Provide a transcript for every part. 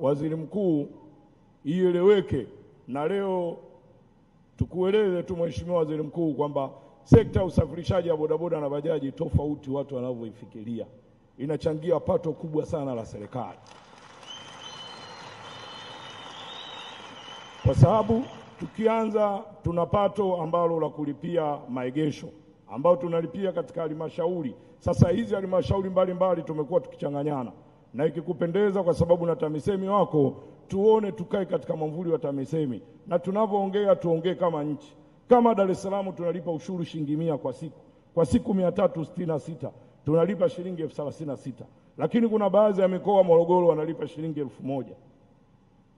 waziri mkuu ieleweke, na leo tukueleze tu Mheshimiwa Waziri Mkuu kwamba sekta ya usafirishaji ya bodaboda na bajaji, tofauti watu wanavyoifikiria, inachangia pato kubwa sana la serikali, kwa sababu tukianza tuna pato ambalo la kulipia maegesho ambayo tunalipia katika halmashauri. Sasa hizi halmashauri mbalimbali tumekuwa tukichanganyana na ikikupendeza, kwa sababu na TAMISEMI wako, tuone tukae katika mwamvuli wa TAMISEMI na tunavyoongea tuongee kama nchi. Kama Dar es Salaam tunalipa ushuru shilingi mia kwa siku, kwa siku mia tatu sitini na sita tunalipa shilingi elfu thelathini na sita lakini kuna baadhi ya mikoa Morogoro wanalipa shilingi elfu moja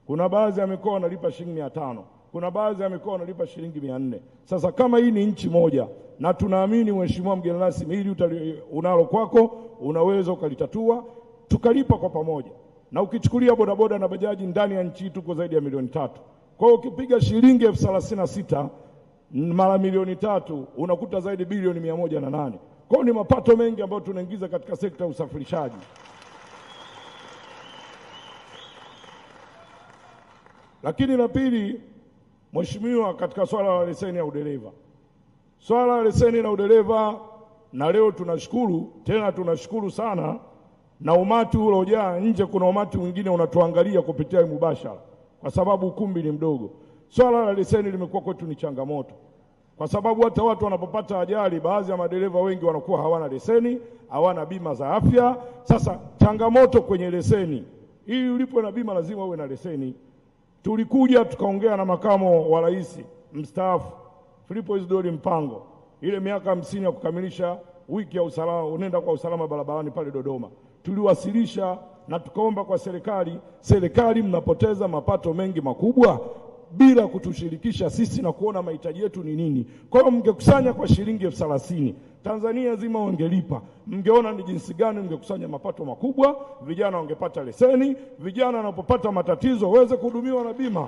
kuna baadhi ya mikoa wanalipa shilingi mia tano kuna baadhi ya mikoa wanalipa shilingi mia nne Sasa kama hii ni nchi moja, na tunaamini Mheshimiwa mgeni rasmi, hili unalo kwako, unaweza ukalitatua tukalipa kwa pamoja, na ukichukulia bodaboda na bajaji ndani ya nchi tuko zaidi ya milioni tatu. Kwa hiyo ukipiga shilingi elfu thelathini na sita mara milioni tatu unakuta zaidi bilioni mia moja na nane. Kwa hiyo ni mapato mengi ambayo tunaingiza katika sekta ya usafirishaji. Lakini la pili, Mheshimiwa, katika swala la leseni ya udereva, swala la leseni na udereva, na leo tunashukuru tena, tunashukuru sana na umati uliojaa nje, kuna umati mwingine unatuangalia kupitia mubashara, kwa sababu ukumbi ni mdogo. Swala la leseni limekuwa kwetu ni changamoto, kwa sababu hata watu wanapopata ajali, baadhi ya madereva wengi wanakuwa hawana leseni, hawana bima za afya. Sasa changamoto kwenye leseni ili ulipo na bima lazima uwe na leseni. Tulikuja tukaongea na makamo wa rais mstaafu Filipo Isidori Mpango ile miaka hamsini ya kukamilisha wiki ya usalama, unaenda kwa usalama barabarani pale Dodoma, tuliwasilisha na tukaomba kwa serikali, serikali, mnapoteza mapato mengi makubwa bila kutushirikisha sisi na kuona mahitaji yetu ni nini. Kwa hiyo mngekusanya kwa shilingi elfu thelathini Tanzania nzima wangelipa, mngeona ni jinsi gani mngekusanya mapato makubwa, vijana wangepata leseni, vijana wanapopata matatizo waweze kuhudumiwa na bima.